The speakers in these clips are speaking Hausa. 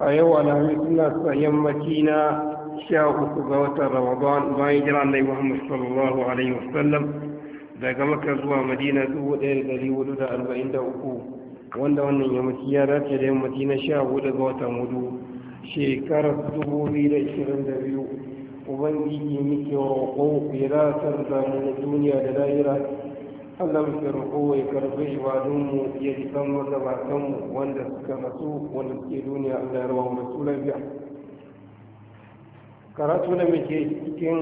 a yau alhamis suna tsayen na sha uku ga watan ramadan bayan jira annai muhammad sallallahu alaihi wasallam daga maka zuwa madina dubu ɗaya da ɗari hudu da arba'in da uku wanda wannan yammaci ya dace da yammaci na sha hudu ga watan hudu shekarar dubu biyu da ishirin da biyu ubangiji muke roƙo ya rasar da mu duniya da lahira Allah mu roƙo ya karɓi ibadunmu ya ji kan magabatanmu wanda suka rasu wanda suke duniya Allah ya rawa mu su lafiya karatu da muke cikin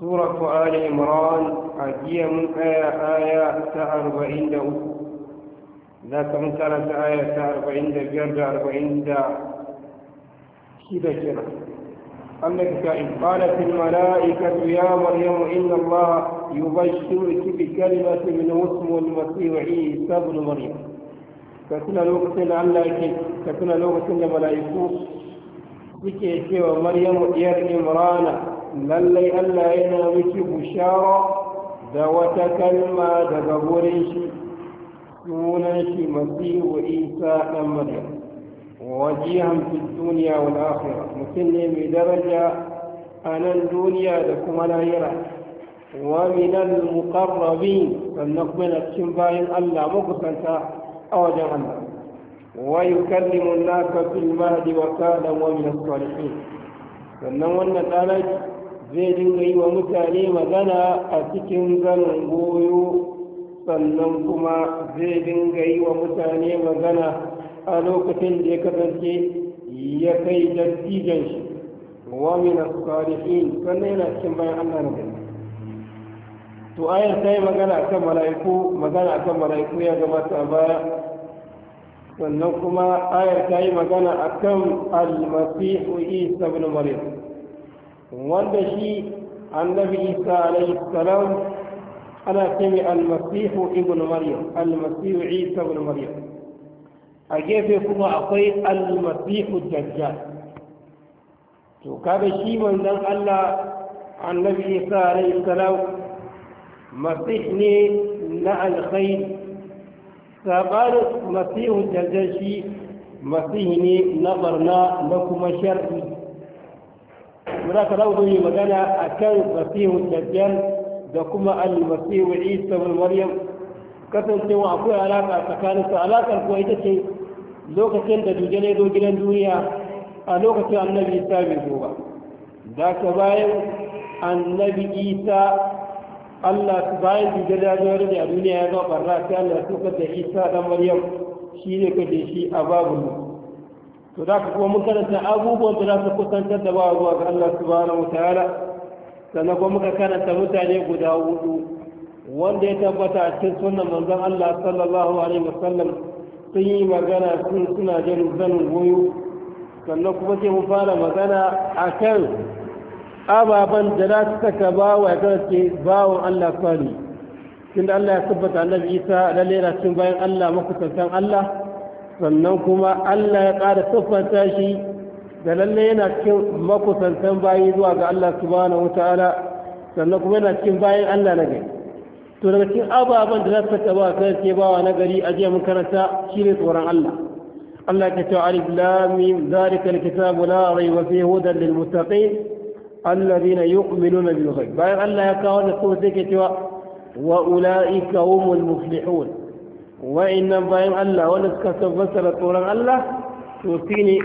suratu ali imran a jiya mun aya aya ta arba'in da uku za ka mun karanta aya ta arba'in da biyar da arba'in da shida kenan أنك كائن قالت الملائكة يا مريم إن الله يبشرك بكلمة من اسم المسيح عيسى بن مريم فكنا لغة لعلك فكنا لغة الملائكة بك يشوى مريم يا ابن عمران للي ألا إنا بك بشارة ذوات كلمة ذا بوريش سونا شي مسيح وإيسى مريم wajihan fi duniya wal akhirah mutum ne mai daraja a nan duniya da kuma lahira wa min al sannan kuma na cikin bayan Allah makusanta a wajen Allah wa yukallimu an-nasa fil mahdi wa kana wa min as-salihin sannan wannan dalaki zai dinga yi wa mutane magana a cikin zanen goyo sannan kuma zai dinga yi wa mutane magana a lokacin da ya kasance ya kai dattijan shi wa min as-salihin sannan yana cikin bayan Allah na gari to ayar ta yi magana kan mala'iku magana kan mala'iku ya gabata a baya sannan kuma ayar ta yi magana a kan almasihu isa ibn maryam wanda shi annabi isa alayhi salam ana ce mai al ibn maryam isa maryam a gefe kuma akwai almasihu dajjal to kaga shi wannan Allah annabi Isa alayhi salam masih ne na alkhair sabar masihu dajjal shi masih ne na barna da kuma sharri muna ka zamu yi magana akan masihu dajjal da kuma almasihu Isa wal Maryam kasancewa akwai alaka tsakaninsu alakar ko ita ce lokacin da duje ya zo gidan duniya a lokacin annabi isa bai zo ba da ka bayan annabi isa Allah bayan dujjal ya zo a duniya ya zo barna sai Allah su ka da isa dan maryam shi ne ka shi a babu to za ka kuma mun karanta abubuwan da za su kusantar da bawa zuwa ga Allah wa ta'ala, sannan kuma muka karanta mutane guda hudu wanda ya tabbata a cikin sunan manzon Allah sallallahu alaihi wasallam sun yi magana sun suna jan zanin goyo sannan kuma sai mun fara magana a kan ababen da za su saka bawa ya kasance bawan Allah kwari tun da Allah ya tabbata annabi isa lalle yana cin bayan Allah makusantan Allah sannan kuma Allah ya ƙara siffanta shi da lalle yana cikin makusantan bayi zuwa ga Allah subhanahu wataala sannan kuma yana cikin bayan Allah na gari to daga cikin ababen da za su taba kan ce bawa na gari a jiya mun karanta shine tsoron Allah Allah ya ce alif lam mim zalika alkitabu la rayba fihi hudan lil muttaqin alladhina yu'minuna bil ghaib bayan Allah ya kawo da sai yake cewa wa ulaika humul muflihun wa inna bayan Allah wanda suka tabbata tsoron Allah to shine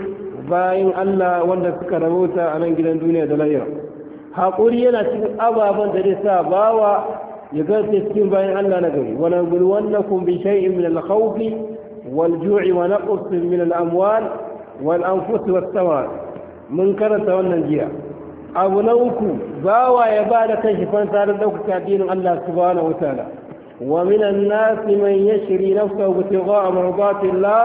bayan Allah wanda suka rabauta a nan gidan duniya da lahira hakuri yana cikin ababen da zai sa bawa ya gaske cikin bayan Allah na gari wala bulwannakum bi shay'in min al-khawf wal ju'i wa naqs min al-amwal wal anfus was thamarat mun karanta wannan jiya abu na uku bawa ya ba da kanshi fansa don ɗaukaka addinin Allah subhanahu wa ta'ala wa minan nasi man yashri nafsahu ibtigha'a mardatillah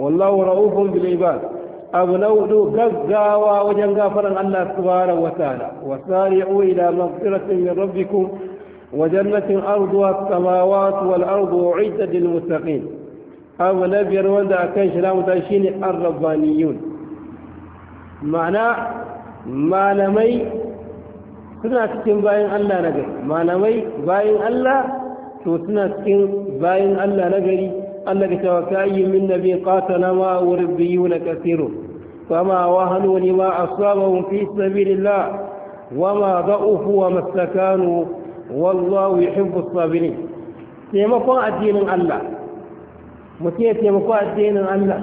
wallahu ra'ufun bil ibad abu na hudu gaggawa wajen gafaran Allah subhanahu wa ta'ala wa sari'u ila maghfiratin min rabbikum وجنة أرضها السماوات والأرض عدة للمتقين أو نبي رواندا دا كنش لا متشين الربانيون معنى ما لمي سنة سكين باين الله نجر ما لمي باين الله شو سنة سكين باين الله نجري الله كتوكاي من نبي قاتل ما وربيون كثير فما وهنوا لما أصابهم في سبيل الله وما ضعفوا وما استكانوا wallahu yuhibbu sabirin taimakon addinin Allah mutum ya taimako addinin Allah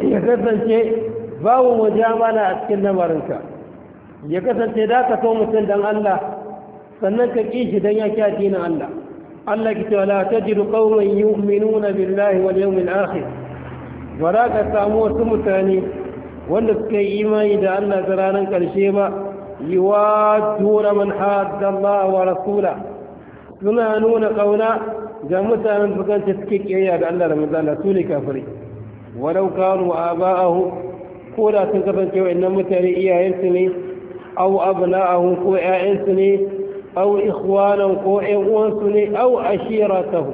ya kasance babu mujamala a cikin lamarinka ya kasance da ka so mutum dan Allah sannan ka ƙi shi dan ya ki addinin Allah Allah ki cewa la tajidu qauman yu'minuna billahi wal yawmil akhir ba za ka samu wasu mutane wanda suka yi imani da Allah da ranar ƙarshe ba يوادون من حاد الله rasula suna nuna ƙauna ga mutanen bukan ta suke ƙiyayya da Allah da manzana su ne kafiri walau kanu aba'ahu ko da sun kasance wa'annan mutane iyayensu ne aw abna'ahu ko ƴaƴansu ne aw ikhwanan ko ƴan uwansu ne aw ashiratahu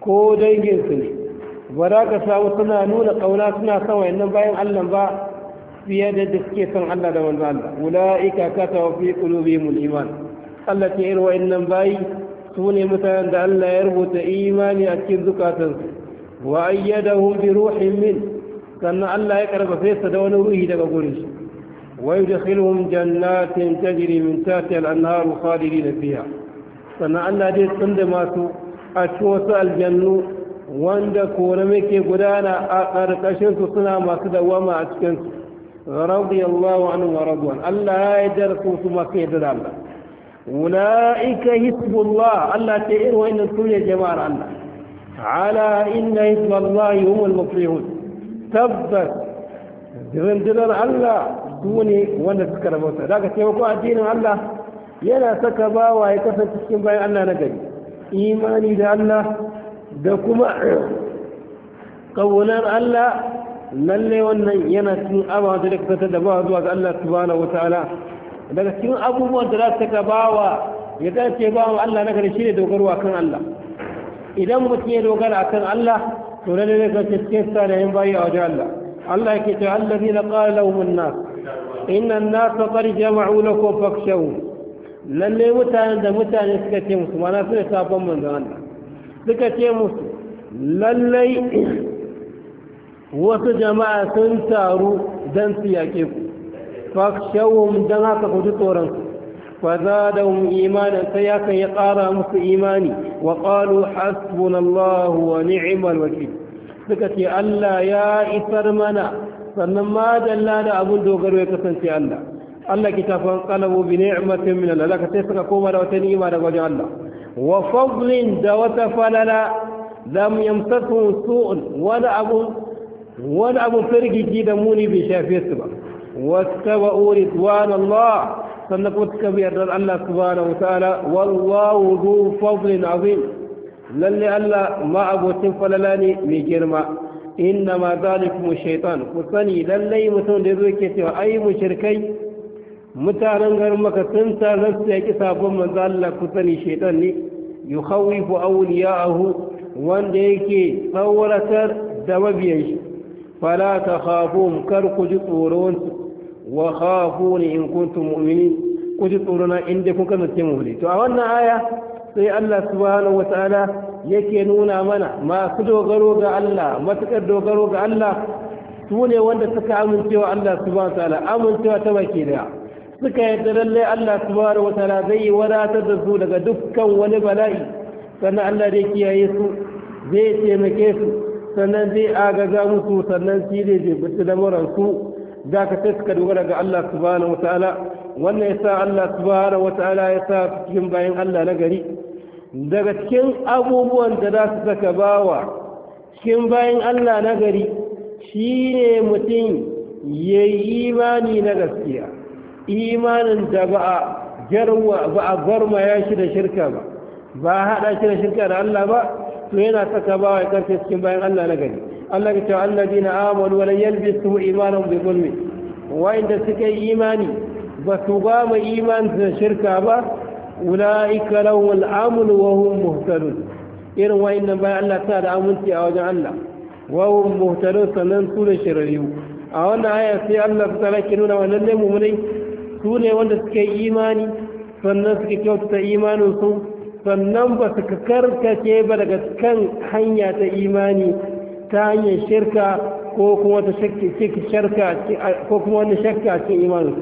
ko danginsu ne ba za ka samu suna nuna ƙauna suna son wa'annan bayan Allah ba fiye da da suke son Allah da manzo Allah ulaika kataba fi qulubihim iman Allah ta yarwa innan bayi su ne mutanen da Allah ya rubuta imani a cikin zukatansu wa ayyadahum bi ruhin min sannan Allah ya karfafe su da wani ruhi daga gurin shi wa yudkhiluhum jannatin tajri min tahtiha al-anharu khalidina fiha sannan Allah zai tsunda masu a cikin wasu aljannu wanda kore muke gudana a ƙarƙashinsu suna masu dawama a cikinsu radiyallahu anhu wa radwan Allah ya yarda su kuma sai yarda da Allah ulaika hisbullah Allah ta irin wannan sune jama'ar Allah ala inna hisballahi humul muflihun tabbas rundunar Allah sune wanda suka rabauta daga taimako addinin Allah yana saka bawa ya kasance cikin bayan Allah na gari imani da Allah da kuma ƙaunar Allah lalle wannan yana cikin abawa da kusantar da ba zuwa ga Allah subhanahu wataala daga cikin abubuwan da za su saka bawa ya dace wa Allah na gari ne dogarwa kan Allah idan mutum ya dogara akan Allah to lalle ne ga cikin yin bayi a wajen Allah Allah yake ce allazina qala lahum an-nas inna an-nasa qad jama'u lakum fakhshaw lalle mutanen da mutane suka ce musu mana suna sabon manzon Allah suka ce musu lallai wasu jama'a sun taru don su yaƙe ku fakshawun don haka ku ji tsoronsu fa za da imanin sai ya kan ya ƙara musu imani wa ƙalu hasbunallahu wa ni'mal wakil suka ce Allah ya isar mana sannan ma dalla da abun dogaro ya kasance Allah Allah ki tafan qalabu bi ni'matin min Allah ka sai suka koma da wata ni'ima daga wajen Allah wa fadlin da wata falala lam yamsasu su'un wani abu wani abun firgigi da muni bai shafe su ba wasta ba uri Allah sannan kuma suka bi yardar Allah subhanahu wataala wallahu zu fadlin azim lalle Allah ma abocin falala ne mai girma inna ma kuma shaitan. ku sani lalle mutum da zo ke cewa ai mu shirkai mutanen garin maka sun tarar su yaki sabon manzo Allah ku sani Shaitan ne yukhawifu awliya'ahu wanda yake tsauratar da mabiyan shi fala ta khafun kar ku ji tsoronsu wa ne in kuntum mu'minin ku ji tsorona inda kun kasance mu'mini to a wannan aya sai Allah subhanahu wataala yake nuna mana masu dogaro ga Allah matukar dogaro ga Allah su ne wanda suka amincewa Allah subhanahu wataala amincewa ta baki da suka yadda lallai Allah subhanahu wataala zai wadatar da su daga dukkan wani bala'i sannan Allah zai kiyaye su zai taimake su sannan zai agaza musu sannan shi ne zai bi lamuransu za ka sai suka dogara ga Allah subhanahu wa ta'ala wannan yasa Allah subhanahu wa ta'ala ya sa cikin bayan Allah na gari daga cikin abubuwan da za su saka bawa cikin bayan Allah na gari ne mutum ya yi imani na gaskiya imanin da ba a jarwa ba a shi da shirka ba ba a haɗa shi da shirka da Allah ba to yana saka ba ya karfe cikin bayan Allah na gari Allah ya ce alladina amanu wala yalbisu imanan bi zulmi wa'inda suka yi imani ba su ba mu iman da shirka ba ulaika lahum al wa hum muhtadun irin wa'innan bayan Allah ta da aminci a wajen Allah wa hum muhtadun sanan su da shirariyu a wannan aya sai Allah ta laki nuna wannan ne mu'minai su ne wanda suka yi imani sannan suka kyautata imanin su sannan ba su karkace ba daga kan hanya ta imani ta hanyar shirka ko kuma ta ko kuma wani shakka a cikin imanin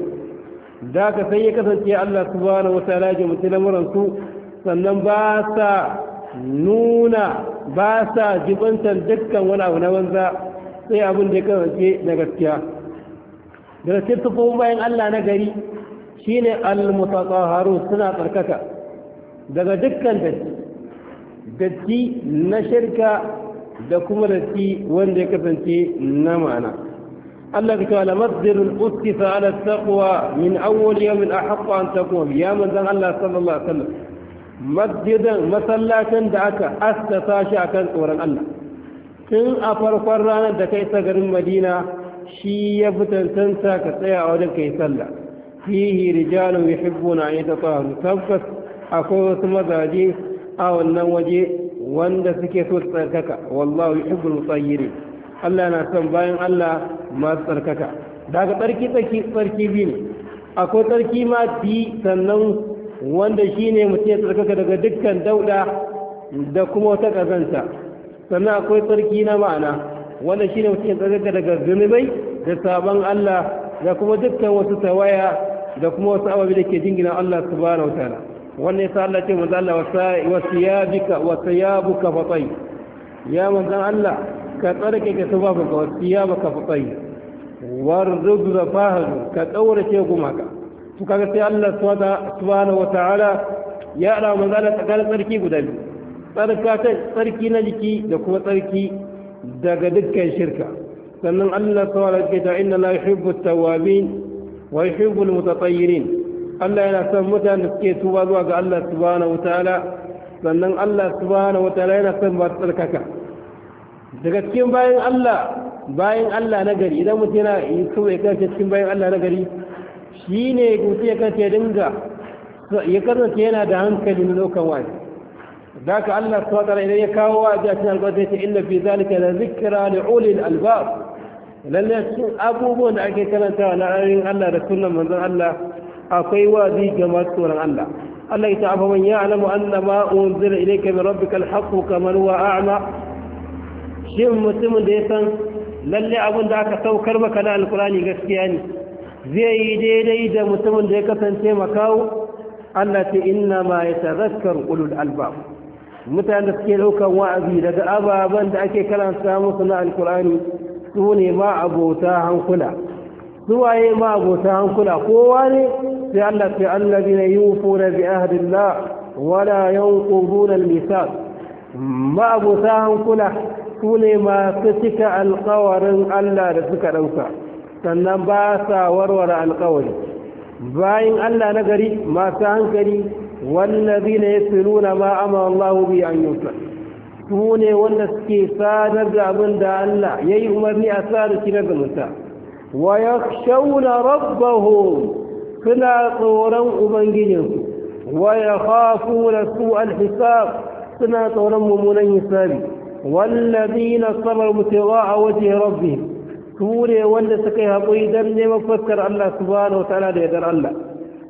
da ka sai ya kasance Allah subhanahu wa ta'ala ya mutu lamuran sannan ba sa nuna ba sa jibantar dukkan wani abu na banza sai abin da ya kasance na gaskiya Da daga kuma bayan Allah na gari shine al-mutatahharun suna tsarkaka daga dukkan datti datti na shirka da kuma datti wanda ya kasance na ma'ana Allah ka kawala masdirul uskisa ala taqwa min awwal yawmin ahqqu an taqwa ya manzon Allah sallallahu alaihi wasallam masjidan masallacin da aka assasa shi akan tsoron Allah tun a farkon ranar da kai ta garin Madina shi ya tantanta ka tsaya a wajen kai sallah fihi rijalun yuhibbuna an yatahharu tabbas akwai wasu mazaje a wannan waje wanda suke so tsarkaka wallahu yuhibbul mutayyirin Allah na son bayan Allah masu tsarkaka daga tsarki tsarki tsarki biyu ne akwai tsarki ma bi sannan wanda shine mutum ya tsarkaka daga dukkan dauda da kuma wata kazanta sannan akwai tsarki na ma'ana wanda shine mutum ya tsarkaka daga zunubai da sabon Allah da kuma dukkan wasu tawaya da kuma wasu abubuwa da ke jingina Allah subhanahu wa ta'ala wannan yasa Allah ce manzo Allah wa siyabika wa siyabuka fatai ya manzo Allah ka tsarke ka sababanka wa siyabaka fatai warzuq fahar ka tsaurace gumaka to kaga sai Allah subhanahu wa ta'ala ya ara manzo Allah tsakanin tsarki guda biyu tsarka ta tsarki na jiki da kuma tsarki daga dukkan shirka sannan Allah subhanahu wa ta'ala ya ce inna la yuhibbu at-tawwabin wa yuhibbu al-mutatayyirin Allah yana son mutane da suke tuba zuwa ga Allah subhanahu wataala sannan Allah subhanahu wataala yana son ba tsarkaka daga cikin bayan Allah bayan Allah na gari idan mutum yana yi so ya kace cikin bayan Allah na gari shine mutum ya kace dinga ya kasance yana da hankali ya kawo wani ذاك الله سبحانه وتعالى إذا يكاو وأجاتنا القدرة إلا في ذلك لذكرى لأولي الألباب abubuwan da ake أكي na تعالى Allah da من manzon Allah. akwai wazi ga masu tsoron Allah Allah ya ta'afa man ya'lamu anna ma unzila ilayka min rabbika al-haqq kamar a'ma shin mutumin da ya san lalle abin da aka saukar maka na alkurani gaskiya ne zai yi daidai da mutumin da ya kasance makawo Allah ta inna ma ya ulul albab mutane suke daukan wa'azi daga ababen da ake karanta musu na alkurani su ne ma abota hankula su waye ma abota hankula kowa ne sai Allah ce allazina yufuna bi ahdillah wala yanquduna al-mithaq ma abuta hankula su ne masu cika alkawarin Allah da suka ɗauka sannan ba sa warware alkawari bayan Allah na gari masu hankali wallazi ne ya nuna ma amma Allah bi an yusa wanda suke sadar da abin da Allah ya yi umarni a sadar shi na zumunta wa ya shauna rabbahu suna tsoron ubangijinsu ya hafu na su alhisab suna tsoron mummunan hisabi wallazi na sabar mutewa a waje rabbi su ne wanda suka yi haƙuri don neman fuskar Allah subhanahu wa ta'ala da yadar Allah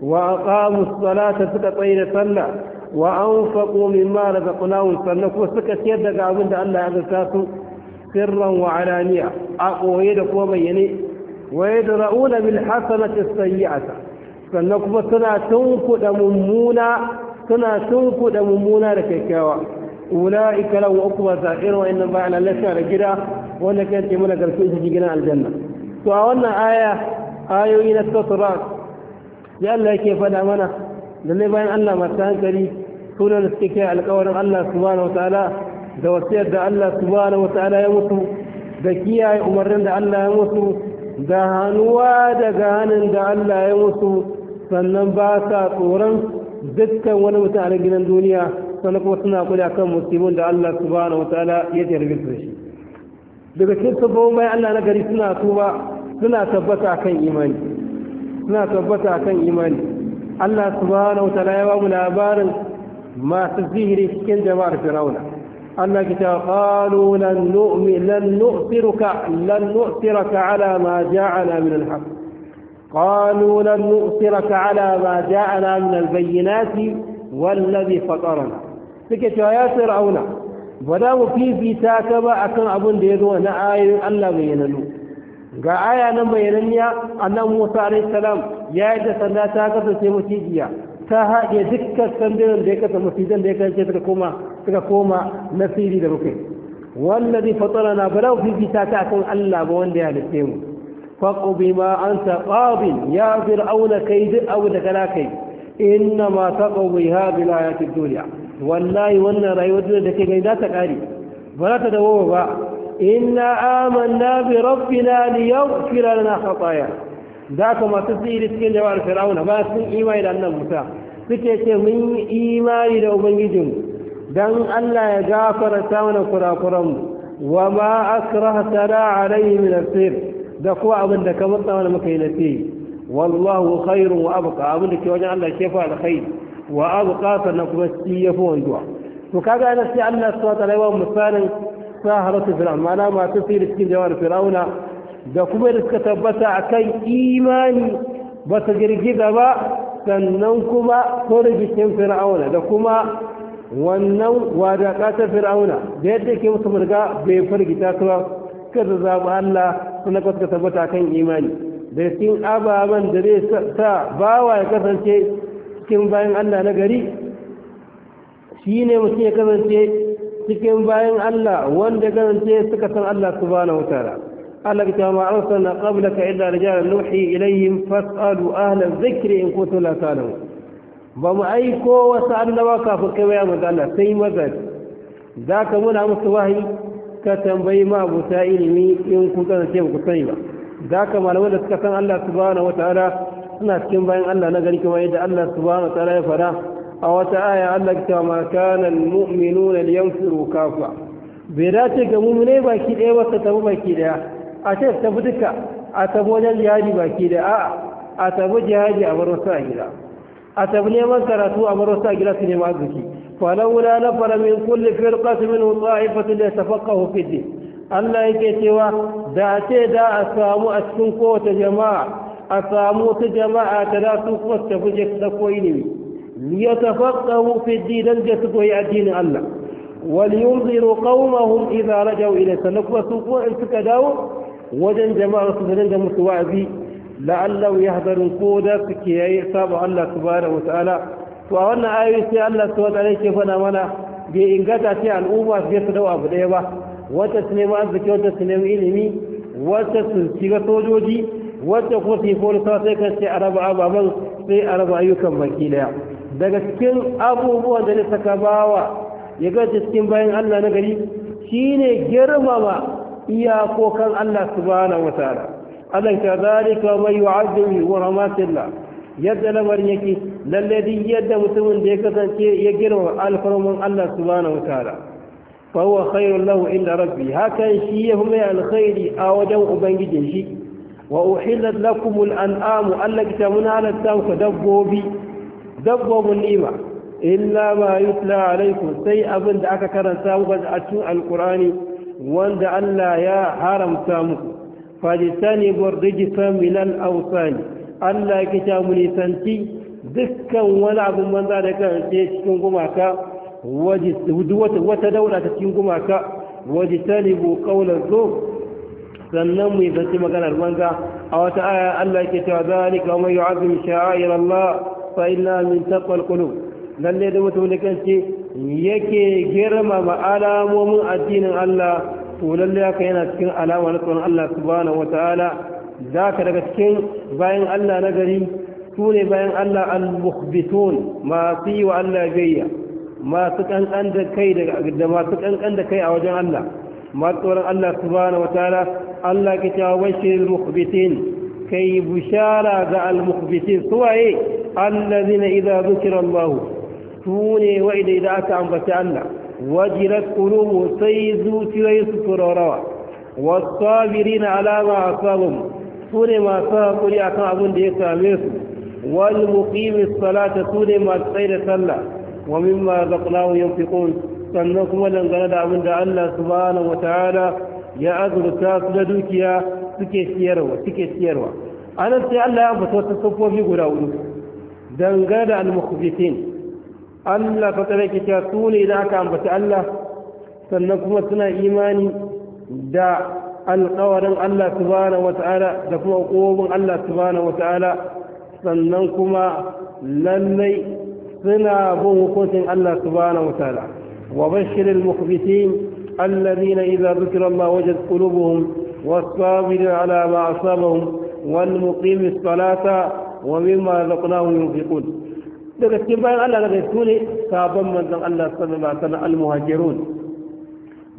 wa aqamu salata suka tsaye da sallah wa anfaqu mimma razaqnahum sannan kuma suka ciyar daga abin da Allah ya azurta su sirran wa alaniya a koye da kuma bayyane wa yadra'una bil hasanati sayyi'ata sannan kuma suna tunkuɗa mummuna suna tunkuɗa mummuna da kyakkyawa uku ba uqba sa'ir wa inna ba'ala lalata da gida wanda kan ce mana garfi shi gidan aljanna to a wannan aya ayoyi na sura ya Allah yake faɗa mana lalle bayan Allah masu hankali sunan da suke kai alƙawarin Allah subhanahu wataala da wasiyar da Allah subhanahu wataala ya mutu da kiyaye umarnin da Allah ya mutu da hannuwa daga hannun da Allah ya mutu sannan ba sa tsoron dukkan wani mutane a gidan duniya sannan kuma suna kula kan musulmin da Allah subhanahu wataala ya jarbi su shi daga cikin sabon bayan Allah na gari suna tuba suna tabbata akan imani suna tabbata akan imani Allah subhanahu wataala ya ba mu labarin masu zihiri cikin jama'ar Firauna Allah ki ta qalu lan nu'min lan nu'sirka lan nu'sirka ala ma ja'ala min al-haqq قالوا لن نؤثرك على ما جاءنا من البينات والذي فطرنا سكت يا فرعون ولا مفيفيتا كما أكن أبن ديرو أنا آية الله بيننو ga aya nan bayyananniya annabi Musa alaihi salam ya yi da sanda ta kasance mutijiya ta haɗe dukkan sandunan da ya kasa mutijan da ya kasance suka koma suka koma nasiri da rufe wallazi fatarana bala fi bita ta akan Allah ba wanda ya halitte mu faƙubi ma an taɓaɓin ya fir'auna kai duk abu da kana kai inna ma taɓaɓi ha bila ya fi duniya wallahi wannan rayuwar duniya da ke gani za ta kare. ba za ta dawo ba inna amanna bi rabbina yau, kira na khataya Za ka masu tsiri cikin jama'ar fir'auna ba sun imani da annabi Musa suke ce mun yi imani da ubangijin. dan Allah ya gafarta mana kurakuranmu wa ma akrahta la alayhi min asir da kuma abin da ka matsa wani maka yi na ce wallahu khairun wa abuka abin da ke wajen Allah ke fa alkhair wa abuka sannan kuma shi ya fi wanzuwa to kaga ana sai Allah su wata rayuwa misalin saharatu fir'aun ma'ana masu sirri cikin jawar fir'auna da kuma da suka tabbata akan imani ba su girgiza ba sannan kuma turbikin fir'auna da kuma wannan wadaƙa fir'auna da yadda ke musu murga bai firgita su ba suka zaɓi Allah suna tabbata kan imani da cikin ababen da zai sa bawa ya kasance cikin bayan allah na gari shi ne mutum ya kasance cikin bayan allah wanda kasance suka san allah su ba na wutara allah ta ma arsalna qablaka illa jihar nuhi ilayin fas'alu ahalar zikiri in kotu la ba mu aiko wasu annaba kafin kai waya manzo Allah sai maza za ka muna musu wahayi ka tambayi ma ilimi in ku kasance ce ku sani ba da ka malamai da suka san Allah subhanahu wataala suna cikin bayan Allah na gari kuma yadda Allah subhanahu wataala ya fara a wata aya Allah ya ce ma kana almu'minuna liyanfiru kafa bai dace ga mu'mine baki ɗaya ba ka tabu baki ɗaya a ce tafi duka a tabu wajen jihadi baki ɗaya a'a a tabi jihadi a bar wasu a gida a tabi neman karatu a bar wasu a gida su nema arziki فلولا نفر من كل فرقة منهم طائفة ليتفقهوا في الدين Allah yake cewa da ce da a samu a cikin kowace jama'a a samu ta jama'a ta da su kuma ta fi je da koyi ne ya tafaqahu fi dinan da su koyi addinin Allah wal yunziru qaumahum idza rajau ila sanakwa su ko in suka dawo wajen jama'a su da musu wa'azi la'allahu yahdharun ko da su kiyaye sabu Allah subhanahu wa ta'ala to a wannan ayoyi sai Allah su wata yake fana mana bai ingata ce al'umma su su dau abu ɗaya ba wata su nemi arziki wata su nemi ilimi wata su shiga sojoji wata kuma su yi polisa sai kan ce a raba ababen sai a raba ayyukan baki ɗaya daga cikin abubuwan da ne saka bawa ya gaji cikin bayan Allah na gari shine girmama iyakokan Allah subhanahu wa ta'ala Allah ta zalika mai yu'azzimu wa rahmatillah yadda lamarin yake lalle duk yadda mutumin da ya kasance ya girma alfarman Allah subhanahu wataala fa huwa khairul lahu inda rabbi hakan shi ya fi mai alkhairi a wajen ubangijin shi wa uhillat lakum al'amu allati tamuna halatta ku dabbobi dabbobin ni'ima illa ma yutla alaikum sai abin da aka karanta muku a cikin alqur'ani wanda Allah ya haramta muku fajtani burrijsa min al-awsani Allah ya kita mu nisanci dukkan wani abin banza da kan ce cikin gumaka wata daura ta cikin gumaka waje talibu kaular zo sannan mu nisanci maganar banza a wata aya Allah ya kita zalika mai yu'azim sha'air Allah fa inna min taqwal qulub ne da mutum da ce yake ma alamomin addinin Allah to lalle haka yana cikin alama na tsoron Allah subhanahu ta'ala za ka daga cikin bayan Allah na gari su ne bayan Allah al-mukhbitun masu yi wa Allah gayya masu kankan da kai da masu kankan da kai a wajen Allah masu tsoron Allah subhanahu wataala Allah ke cewa bashirul mukhbitin kai bushara ga al-mukhbitin suwaye allazina idza zukira Allah su ne wa idan aka ambaci Allah wajirat qulubu sai zuciyoyinsu turarawa والصابرين على ما أصابهم su masu haƙuri a kan abin da ya same su wani muƙimin salata su ne masu tsaye da sallah wa mimma zaqnahu yunfiqun sannan kuma dangane da abin da allah subhanahu wata'ala ya azurta su da dukiya suke siyarwa suke siyarwa anan sai allah ya fito ta siffofi guda hudu dangane da al-mukhbitin Allah ta tsare ki ta su ne da aka ambaci Allah sannan kuma suna imani da alƙawarin Allah subhanahu wata'ala da kuma ƙobin Allah subhanahu wata'ala sannan kuma lallai suna bin hukuncin Allah subhanahu wata'ala wa bashirin mukbitin الذين إذا ذكر الله وجد ala ma asabahum wal أصابهم والمقيم wa mimma رزقناهم yunfiqun daga cikin bayan Allah daga sune sabon manzon Allah sallallahu alaihi wasallam al-muhajirun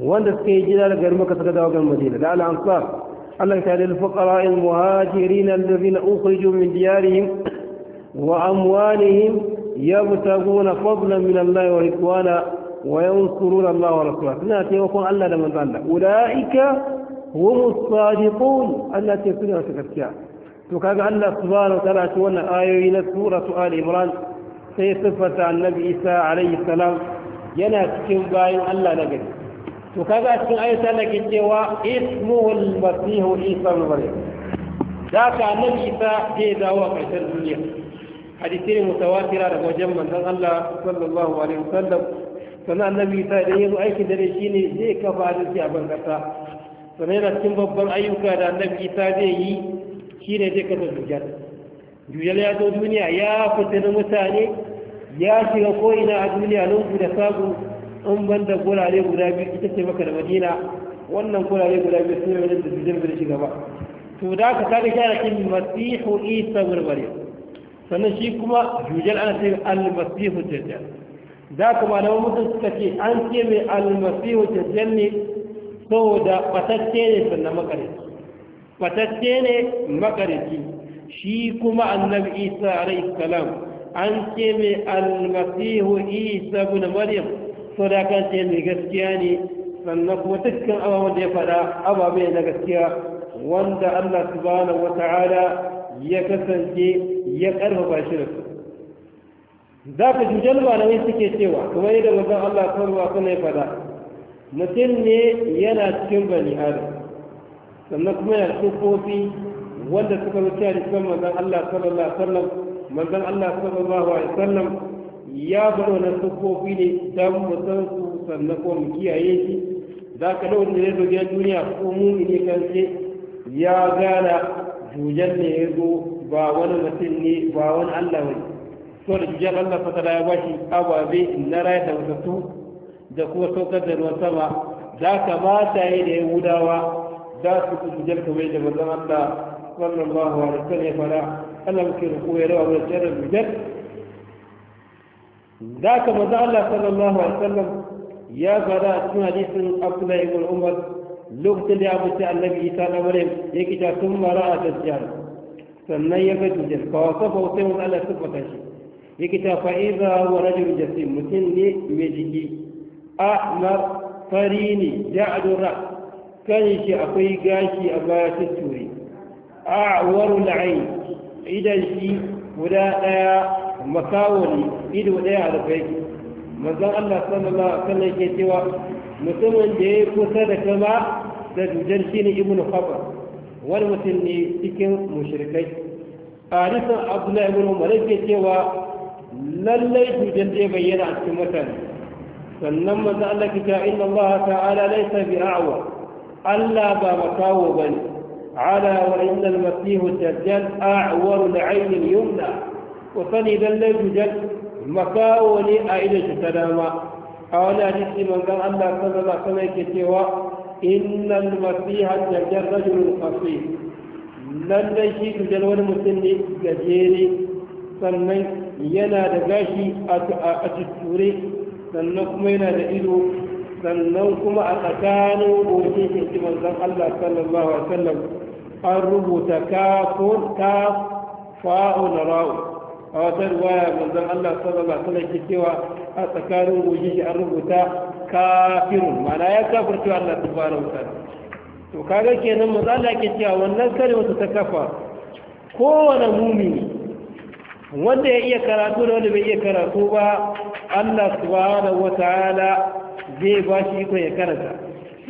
wanda suka yi gida da garin maka suka dawo garin madina da al'ansar Allah ta lil fuqara al muhajirin alladhina ukhriju min diyarihim wa amwalihim yabtaguna fadlan min Allah wa ridwana wa yansuruna Allah wa rasulahu suna taimakon Allah da manzo Allah ulaika hum as-sadiqun Allah ta suna ta gaskiya to kaga Allah subhanahu wa ta'ala ce wannan ayoyi na suratu ali imran sai sifata annabi isa alayhi salam yana cikin bayin Allah na gari to kaga cikin ayyuka da ke cewa ismuhul masihu isa ibn maryam da ka annabi isa zai dawo a ƙarshen duniya hadisi mutawatira daga wajen manzon Allah sallallahu alaihi wasallam sannan annabi isa idan ya zo da shi ne zai kafa hadisi a bankasa sannan yana cikin babban ayyuka da annabi isa zai yi shi ne zai kafa dujjal dujjal ya zo duniya ya fitar mutane ya shiga ko'ina a duniya lungu da sabu in ban da gurare guda biyu ita ce maka da madina wannan gurare guda biyu sun yi wajen da zuzin bai shiga ba to da aka shi a kin masihu isa bin maryam sannan shi kuma jujal ana ce almasihu dajjal da ka malaman mutum suka ce an ce mai almasihu dajjal ne saboda batacce ne sannan makarici batacce ne makarici shi kuma annabi isa alaihi salam an ce mai almasihu isa bin maryam so da kan ce mai gaskiya ne sannan kuma dukkan ababen da ya faɗa ababe na gaskiya wanda Allah subhanahu wata'ala ya kasance ya karfafa shi da su za ka jujjal malamai suke cewa kuma yadda mazan Allah kawai suna ya faɗa mutum ne yana cikin bani adam sannan kuma yana cikin kofi wanda suka zuciya da cikin mazan Allah sallallahu alaihi wasallam manzan Allah sallallahu alaihi wasallam ya faɗo na siffofi ne don mu san su sannan kuma mu kiyaye shi za ka da wanda ya gidan duniya ko mu ne kansa ya gana jujen ne ya zo ba wani mutum ne ba wani allah ne to da jujen allah fatara ya bashi ababe na raya da wasu da kuma saukar da ruwan sama za ka ta yi da yahudawa za su ku jujan kamar da mazan allah sallallahu alaihi wasallam ya fara allah muke rukuwa ya rawa mai da ka maza Allah sallallahu alaihi wasallam ya fara a cikin hadisin Abdullahi ibn Umar lokacin da ya abuce annabi Isa na Maryam ya kita sun mara a dajjal sannan ya ga dajjal fa wasafa sai maza Allah sifata shi ya kita fa idza wa rajul jasim mutum ne mai jiki ahmar farini ja'adu ra kan shi akwai gashi a baya tutture a'waru la'ain idan shi guda ɗaya. makawoni ido ɗaya a rufai manzon Allah sallallahu alaihi wasallam yake cewa mutumin da ya kusa da kama da dujan shine ibnu khabar wani mutum ne cikin mushrikai hadisin abdullahi ibn umar yake cewa lallai dujan zai bayyana a cikin mutane sannan manzon Allah ke cewa inna Allah ta'ala laysa bi'awa Allah ba makawo bane ala wa inna al-masih ad-dajjal a'war al-'ayn al-yumna ku sani lallai dujal makawo ne a idan shi ta dama a wani hadisi manzon Allah sallallahu alaihi wasallam yake cewa innal masiha dajjal rajulun qasir shi wani mutum ne gajere sannan yana da gashi a tutture sannan kuma yana da ido sannan kuma a tsakanin gobe ke ci manzon Allah sallallahu alaihi wasallam an rubuta ta kaf na ra'u a wata ruwaya manzon Allah sallallahu alaihi wasallam cewa a tsakanin goji shi an rubuta kafirun mana ya kafirta Allah subhanahu wa ta'ala to kaga kenan manzo Allah ke cewa wannan kare wasu ta kafa kowane mumini wanda ya iya karatu da wanda bai iya karatu ba Allah subhanahu wa ta'ala zai ba shi iko ya karanta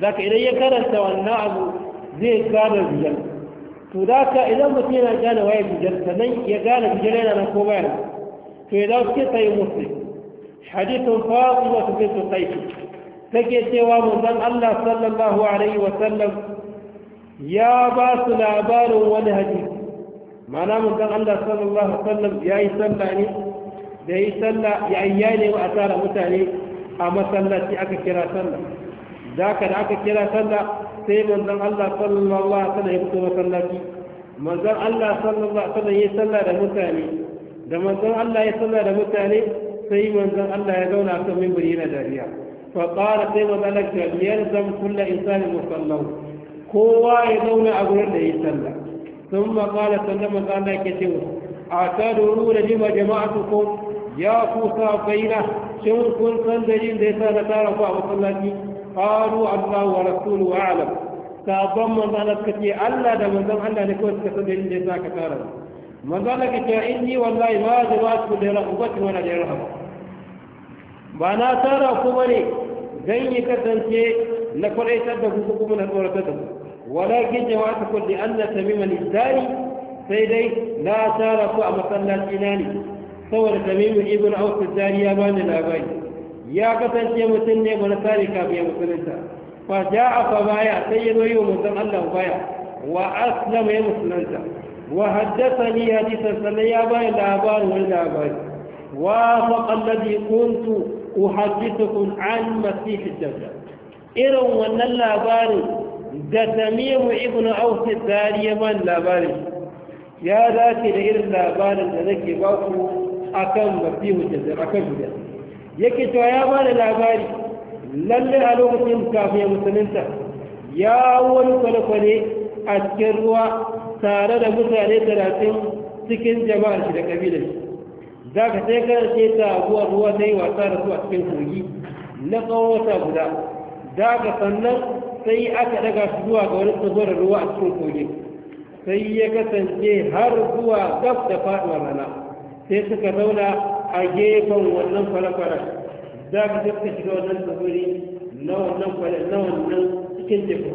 zaka idan ya karanta wannan abu zai kada biyar to da ka idan mutum yana gane waye bijar sannan ya gane bijar yana nan ko bayan to ya dawo cikin sayin muslim hadithun fatima ta fi Ta ke cewa manzon allah sallallahu alaihi wa sallam ya ba su labarin wani hadisi ma'ana manzon allah sallallahu alaihi wa sallam ya yi sallah ne da yi sallah ya ayyane wa a tara mutane a masallaci aka kira sallah Za ka da aka kira sallah sai manzon Allah sallallahu alaihi wasallam ya fito masallaci manzon Allah sallallahu alaihi wasallam ya sallah da mutane da manzon Allah ya sallah da mutane sai manzon Allah ya zauna a kan minbari yana dariya fa qala sai manzon Allah ya yalzam kullu insani musallahu kowa ya zauna a gurin da ya sallah ثم قال سلم قال لك أعتادرون لما جماعتكم يا فوسا da ya sa na tara ku a masallaci? qalu Allah wa rasuluhu a'lam sabon manzo Allah suka ce Allah da manzon Allah ne kawai suka san inda za ka tara manzo Allah ke cewa inni wallahi ma jabatu da rahmatu wa la yarham ba na tara ku bane dan yi kasance na kwaraitar da ku kuma na tsoratar da ku walakin jawatu kulli anna tamiman izdari sai dai na tara ku a masallaci na ne saboda tamimu ibn aus zari ya bani labari ya kasance mutum ne mana tsari kafin ya musulunta fa ja'a fa baya sai ya zo wa mutum Allah baya wa aslama ya musulunta wa haddathani hadisan sannan ya bani labarin wani labari wa kuntu ku kuntu uhaddithukum an masih dajjal irin wannan labarin da tamimu ibnu aus ya man labarin ya dace da irin labarin da nake ba ku akan masih dajjal akan gudanar yake cewa ya ba da labari lalle a lokacin kafin ya musulunta ya wani kwale-kwale a cikin ruwa tare da mutane talatin cikin jama'ar shi da kabilar shi za ka sai karshe ta abuwa ruwa ta yi wasa da su a cikin kogi na tsawon wata guda za ka sannan sai aka daga su zuwa ga wani tsohuwar ruwa a cikin kogi sai ya kasance har zuwa gaf da faɗuwar rana sai suka zauna a gefen wannan kwale-kwalen za ka tafka shiga wannan tsibiri na wannan kwale na wannan cikin teku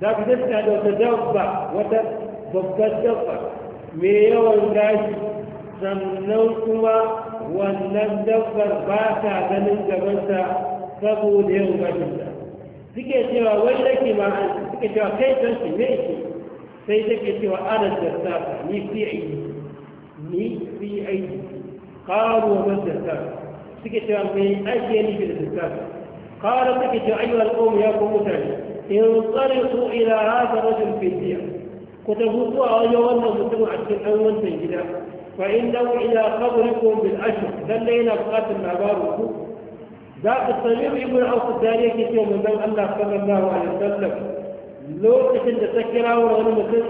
za ka tafka da wata dabba wata babbar dabba mai yawan gashi sannan kuma wannan dabbar ba ta ganin gabanta saboda yawan ta suke cewa wani nake ma an suke cewa kai can shi ne shi sai take cewa ana da ni fi aiki ni fi aiki قالوا وما الزكاة سكت من أجل في الزكاة قال سكت أيها القوم يا قوم ثاني انطلقوا إلى هذا الرجل في الدية كتبوا أيها المسلم عشان أول سيدنا فإنه إلى قبركم بالأشهر دلينا بقات النباركم ذاك الطبيب ابن عوف كيف يوم من ذو الله صلى الله عليه وسلم لو كنت تسكرا ورغم مثل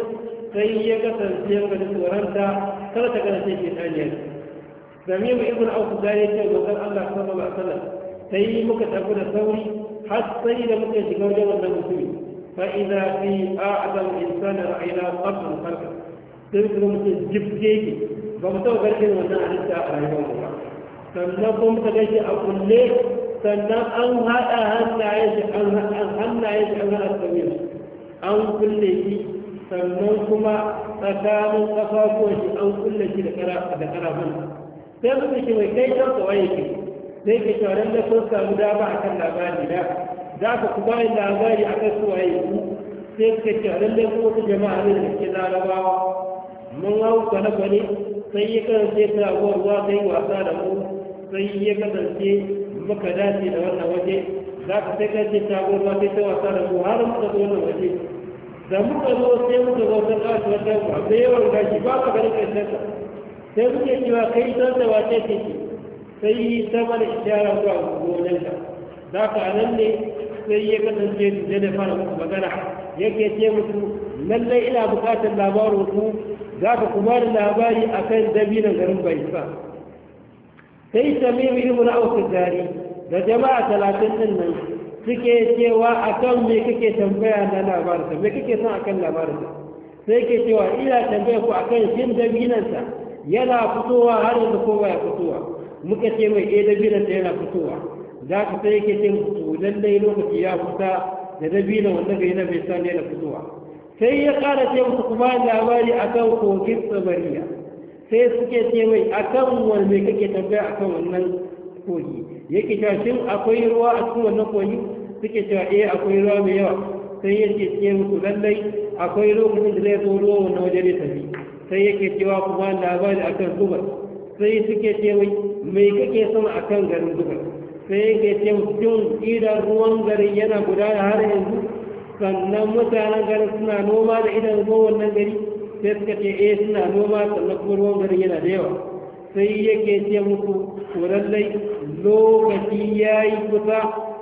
sai ya kasance wani tsoronta kada ta kasance zamiru ibn auf da ya ce dokar Allah sallallahu alaihi wasallam sai muka tafi da sauri har sai da muka shiga wajen wannan mutumi fa idza fi a'zam insan ra'ayna qabl al-khalq sai kuma mutum jibge ki ba mu taɓa ganin wannan halitta a rayuwar mu ba sannan kuma muka gaishe a kulle sannan an haɗa hannaye shi an haɗa hannaye shi an haɗa sauyar an kulle shi sannan kuma tsakanin ƙafafuwan shi an kulle shi da ƙarafin sai muka shi mai kai kan kawai yake sai ke cewa da sun samu dama a kan labari na za ka ku bayan labari a kan suwa ku sai suka ke nan da kuma wata jama'a ne da ke larabawa mun hau kwane-kwane sai ya kasance ta abuwa ruwa sai wasa da mu sai ya kasance muka dace da wannan waje za ka sai kasance ta abuwa ruwa sai ta wasa da mu har muka zo wannan waje da muka zo sai muka zo ta kasance da abuwa sai yawan gashi ba ka kai ƙarshen sai muke cewa kai don da wace ce ce sai yi sama da ishara zuwa gonanka za ka nan ne sai ya kasance da da fara muku magana yake ce musu lallai ina bukatar labarin ku za ka kuma da labari a kan dabinan garin baifa sai tamimu ibn aus gari da jama'a talatin din nan suke cewa akan me kake tambaya na labarinsa me kake son akan labarinsa sai ke cewa ina tambaya ku akan shin dabinansa yana fitowa har yanzu ko baya fitowa muka ce mai eh dabinan da yana fitowa za ka sai yake ce to lallai lokaci ya kusa da dabinan wanda bai na bai san yana fitowa sai ya kara ce musu kuma labari akan kogin samariya sai suke ce mai akan wanne kake tambaya akan wannan kogi yake cewa shin akwai ruwa a cikin wannan kogi suke cewa eh akwai ruwa mai yawa sai yake ce musu lallai akwai lokacin da zai zo ruwa wannan waje ne tafi sai yake cewa kuma labari akan zubar sai suke ce mai mai kake a akan garin zubar sai yake ce mutum idan ruwan gari yana gudana har yanzu sannan mutanen garin suna noma da idan ruwan wannan gari sai suka ce eh suna noma sannan kuma ruwan garin yana da yawa sai yake ce musu kurallai lokaci ya yi kusa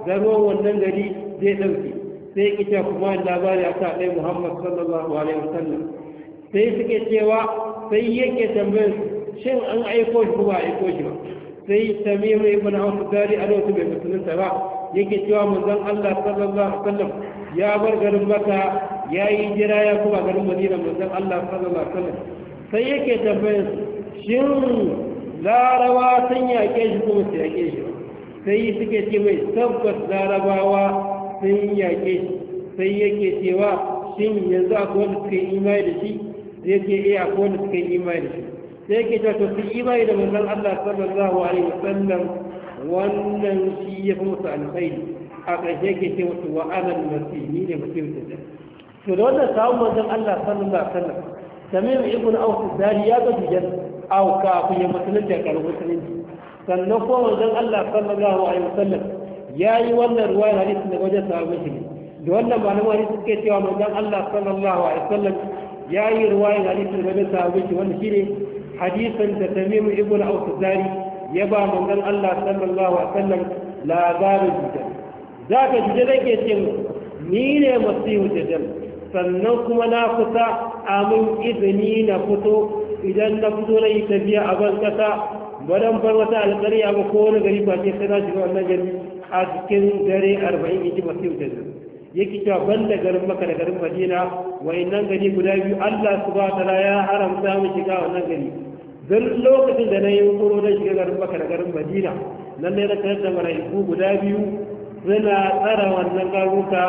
da ruwan wannan gari zai ɗauke sai kita kuma labari a sa ɗaya muhammad sallallahu alaihi wasallam sai suke cewa sai yake tambayar shin an aiko shi ba aiko shi ba sai tamimu ibn hausu dari a lokacin bai musulunta ba yake cewa manzon Allah sallallahu alaihi wasallam ya bar garin Makka ya yi jira ya kuma garin Madina manzon Allah sallallahu alaihi wasallam sai yake tambayar shin larawa sun yake shi kuma su yake shi sai suke ce mai tabbas larabawa sun yake shi sai yake cewa shin yanzu akwai wanda suka yi imani da shi sai ke iya ko da imani sai ke ta su imani da manzon Allah sallallahu alaihi wasallam wannan shi ya fi musu alkhairi a ƙarshe ke ce musu wa anan ni ne mutum da to da wannan samun Allah sallallahu alaihi wasallam tamim ibn aus dari ya ga dujan au ka ya musulunci a karɓar musulunci sannan kuma manzon Allah sallallahu alaihi wasallam ya yi wannan ruwa hadisi daga wajen sahabbai da wannan malamin hadisi suke cewa manzon Allah sallallahu alaihi wasallam ya yi ruwayin hadisin da bisa abinci wanda shi ne hadisin da tamim ibn al-ausari ya ba manzon Allah sallallahu alaihi wasallam labarin dujjal zaka jidda zake ce ni ne masihu jidda sannan kuma na kusa amin izini na fito idan na fito na yi tafiya a ban kasa baran bar wata alƙari ba ko wani gari ba ce sai na shiga wannan gari a cikin dare arba'in in masihu jidda yake cewa ban da garin maka da garin madina nan gari guda biyu allah su ba ta ya haramta mu shiga wannan gari don lokacin da na yi koro na shiga garin maka da garin madina nan ne na tarar da mara'iku guda biyu suna tsara wannan garuka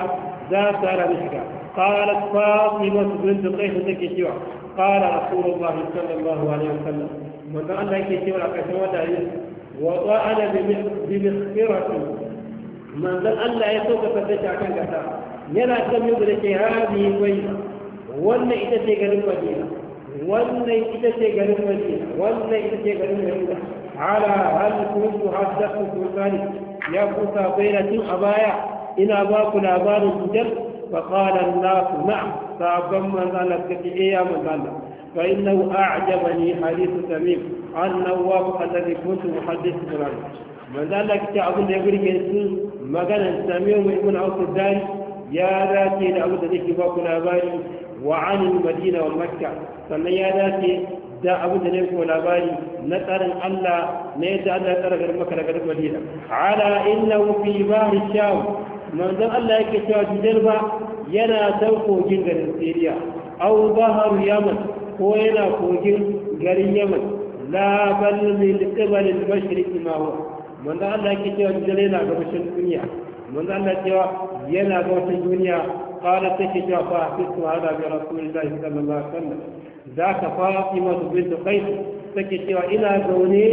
za su tsara mu shiga قالت فاطمة بنت قيس تكشيوا قال رسول الله صلى الله عليه وسلم من الله يكشيوا لك شوى وطعن بمخفرة manzon Allah ya so ka ta kan kasa yana kan yugo da ke hadi wai wannan ita ce garin Madina wannan ita ce garin Madina wannan ita ce garin Madina ala hal kuntu hadathu sultani ya kusa bayna tun a baya ina ba ku labarin hujjar fa qala an-nas na'am sabban manzon Allah kace eh ya manzon fa innahu a'jabani hadithu tamim annahu wa qad kuntu muhaddithu عنه manzo Allah kace abin da ya burge su maganar samiyu mai ibn aus dari ya dace da abin da zai ba ku labari wa anin madina wa makka sannan ya dace da abin da ne ku labari na tsarin Allah na yadda Allah ya tsara garin maka da garin Madina ala innahu fi bahri sham manzon Allah yake cewa jidal ba yana san kogin garin Syria aw bahru Yaman ko yana kogin garin Yaman la bal min qibal al-mashriq manzo Allah yake cewa dare na gabashin duniya manzo Allah cewa yana gabashin duniya qala take cewa fa hafiztu hada bi rasulillahi sallallahu alaihi wasallam zaka fatima bint kai take cewa ina zaune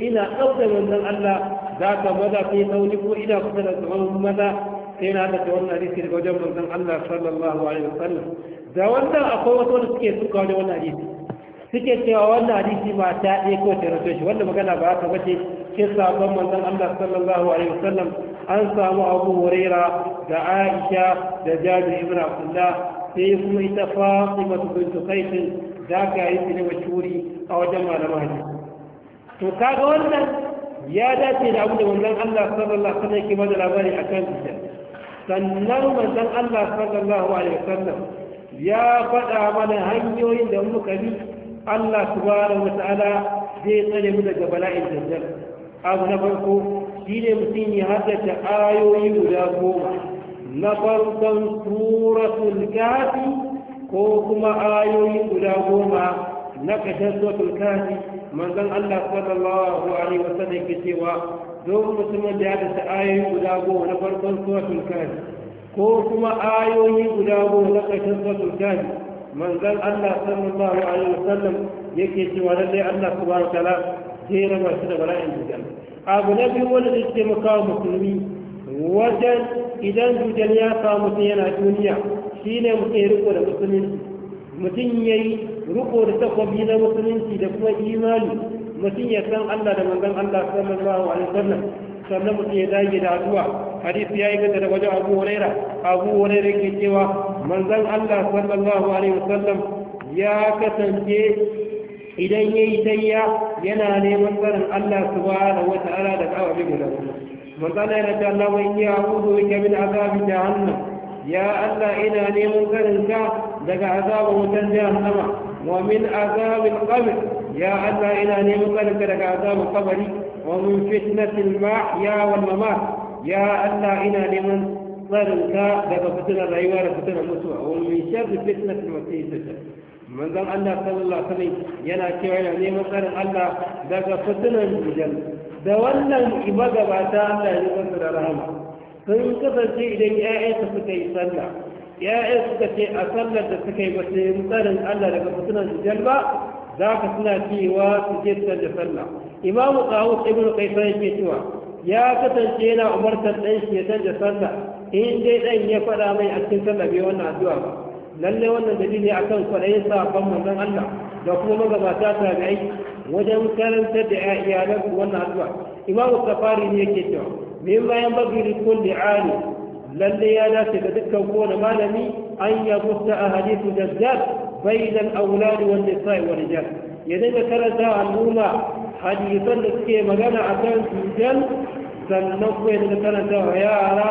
ina tsabta manzon Allah za ka maza kai sauni ko ina kusa da tsohon maza sai na da wannan hadisi daga wajen manzon Allah sallallahu alaihi wasallam da wannan akwai wasu da suke suka wani wannan hadisi suke cewa wannan hadisi ba ta ɗaya ko ta rasu shi wanda magana ba haka ce. cikin sabon manzon Allah sallallahu alaihi wasallam an samu Abu Huraira da Aisha da Jabir ibn Abdullah sai kuma ita Fatima bint Qais da ka yi ne mashhuri a wajen malaman hadisi to kaga wannan ya dace da abu da manzon Allah sallallahu alaihi wasallam yake da labari akan shi sannan manzon Allah sallallahu alaihi wasallam ya faɗa mana hanyoyin da muka bi Allah subhanahu wa ta'ala zai tsare mu daga bala'in dajjal abu na farko shi ne mutum ya haddace ayoyi guda goma na farkon suratul kafi ko kuma ayoyi guda goma na ƙashin suratul kafi manzon Allah sallallahu alaihi wasallam ke cewa don mutumin da ya haddace ayoyi guda goma na farkon suratul kafi ko kuma ayoyi guda goma na ƙashin suratul kafi manzon Allah sallallahu alaihi wasallam yake cewa lallai Allah subhanahu wa ta'ala zai ba su da bala'in dujal abu na biyu wanda zai taimaka wa musulmi wajen idan dujal ya samu mutum yana duniya ne mutum ya riko da musulunci mutum ya yi riko da takwabi na musulunci da kuma imani mutum ya san allah da manzan allah sallallahu alaihi wasallam sannan mutum ya dage da addu'a hadisi ya yi da wajen abu huraira abu huraira ke cewa manzan allah sallallahu alaihi wasallam ya kasance idan ya yi tayya yana neman tsarin Allah subhanahu wa ta'ala da tsawabi guda manzana yana ta Allah wai ya kudu ka min azabi jahannam ya Allah ina neman tsarin ka daga azabin wutan jahannama wa min azabil qabr ya Allah ina neman tsarin ka daga azabin kabari wa min fitnatil mahya wal mamat ya Allah ina neman tsarin ka daga fitinar rayuwa da fitinar mutuwa wa min sharri fitnatil masih manzon Allah sallallahu alaihi wasallam yana cewa yana neman tsarin Allah daga fitinan dujal da wannan ibadabata Allah ya nufa da rahama sun kasance idan ƴaƴansu suka yi sallah ƴaƴan suka ce a sallar da suka yi ba su yi tsarin Allah daga fitinan dujal ba za ka suna cewa su je su da sallah imamu qawus ibnu qaisan yake cewa ya kasance yana umartar ɗan shi ya canza sallah in dai ɗan ya faɗa mai a cikin sallah bai wannan addu'a ba lalle wannan dalili akan kwadayin sabon manzon Allah da kuma magabata tabi'ai wajen karantar da iyalan su wannan addu'a imam safari ne yake cewa min bayan bagiri kulli ali lalle ya dace da dukkan kowane malami an ya busta a hadithu dazzab bainal awlad wal nisa'i wal rijal ya daga karanta al'umma hadisan da suke magana akan tujan sannan kuma ya daga karanta wa yara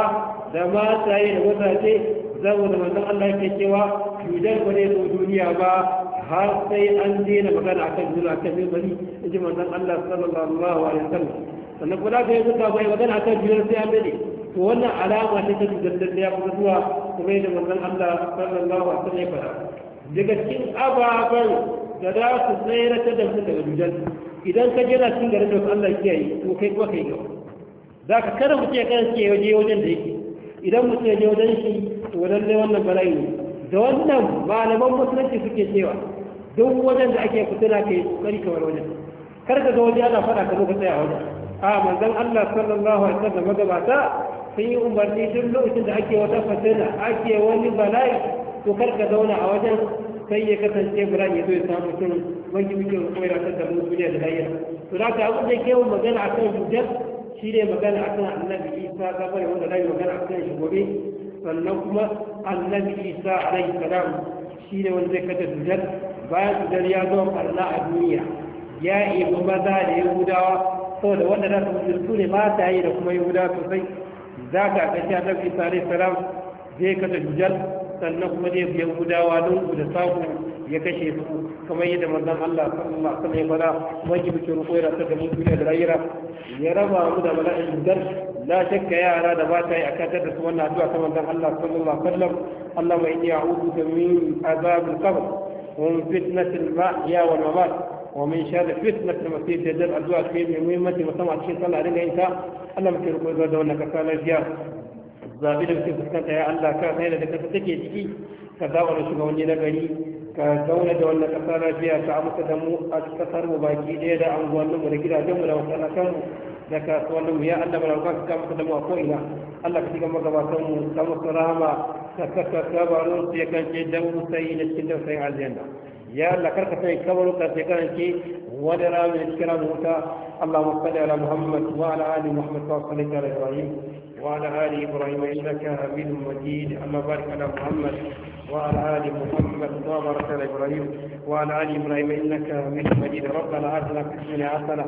da mata yi da mazaje zamu da manzon Allah yake cewa cutar ba zai zo duniya ba har sai an daina magana akan zuwa kan mimbari in ji manzon Allah sallallahu alaihi wasallam sannan kuma ka yi zuka bai magana akan cutar sai an dade to wannan alama ce ta cutar da ya kusa zuwa kuma yadda manzon Allah sallallahu alaihi wasallam ya faɗa daga cikin ababen da za su tsayar ta da daga cutar idan ka jira cikin garin da Allah ya yi to kai kuma kai gaba za ka kada mutum ya kan waje wajen da yake idan mutum ya je wajen shi to lalle wannan bala'i ne da wannan malaman musulunci suke cewa duk wajen da ake fitina kai kokari ka wani wajen kar ka ga wajen ana faɗa ka zo ka tsaya wajen a manzon Allah sallallahu alaihi wasallam magabata sun yi umarni duk lokacin da ake wata fitina ake wani bala'i to kar ka zauna a wajen sai ya kasance bala'i ya zo ya samu mutum wani mutum ko ya ta da duniya da layyar to da ka abin da ke magana akan hujjar shi ne magana a annabi isa gabar wanda na magana akan kan shi gobe sannan kuma annabi isa alaihi salam shi ne wanda zai kada dujar bayan dujar ya zo Allah a duniya ya ibi maza da yahudawa saboda wanda za su su ne mata yi da kuma yahudawa sosai za ka kashe annabi isa alaihi salam zai kada dujar sannan kuma zai biyan gudawa ku da saku ya kashe su kamar yadda manzon Allah sallallahu alaihi wasallam ya fada majibicin rukuwa ta da mutu da rayira ya raba mu da mala'ikun dar la shakka yara da ba ta yi akan da su wannan addu'a ta manzon Allah sallallahu alaihi wasallam Allah mai iya a'udhu min azabil qabr wa min fitnatil mahya wal mamat ومن شر فتنة المسيح دجال cikin في مهمة yin ta. Allah إنسا ألم تركوا da wannan كان jiya. zaɓi da mutum fuskanta ya Allah ka tsaye da ƙasa take ciki ka zaɓa da shugabanni na gari ka zauna da wannan ƙasa lafiya ka amsa da mu a ƙasar mu baki ɗaya da anguwanninmu da gidajenmu da masalatanmu da kasuwanninmu ya Allah mana ka ka amsa da mu a ko'ina Allah ka shiga magabatanmu ka musu rahama ka kasa kabarun su ya kance dan musayi da cikin dausayin aljanna ya Allah karka sai kabarun ka sai karance wani rami da cikin ramuta ala صل على محمد وعلى ال محمد وصلى على ابراهيم وعلى آل إبراهيم إنك حميد مجيد أما بارك على محمد وعلى آل محمد وبارك على إبراهيم وعلى آل إبراهيم إنك حميد مجيد ربنا آتنا في الدنيا حسنة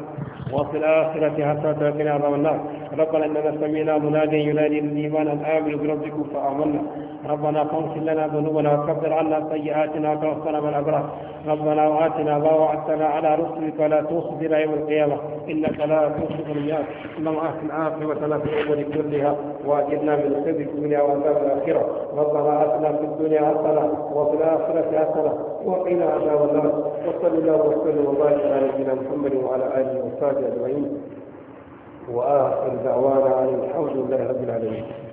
وفي الآخرة حسنة وقنا عذاب النار ربنا إننا سمعنا مناديا ينادي للإيمان أن آمنوا بربكم فآمنا ربنا فاغفر لنا ذنوبنا وكفر عنا سيئاتنا وتوفنا مع الأبرار ربنا وآتنا ما وعدتنا على رسلك ولا تخزنا يوم القيامة إنك لا تخلف الميعاد اللهم أحسن العاقبة لنا في الأمور كلها بها واجرنا من خزي الدنيا وعذاب الاخره ربنا اتنا في الدنيا حسنه وفي الاخره حسنه وقنا عذاب النار وصلى الله وسلم وبارك على نبينا محمد وعلى اله وصحبه اجمعين واخر دعوانا ان الحمد لله رب العالمين